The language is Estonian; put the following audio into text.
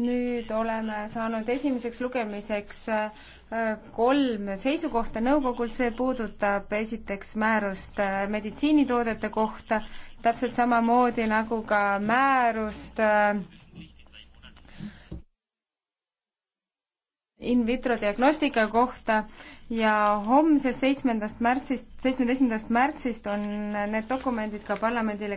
nüüd oleme saanud esimeseks lugemiseks äh, kolm seisukohta nõukogult, see puudutab esiteks määrust äh, meditsiinitoodete kohta, täpselt samamoodi nagu ka määrust äh, in vitro diagnostika kohta ja homsest seitsmendast märtsist, seitsmeteistkümnendast märtsist on need dokumendid ka parlamendile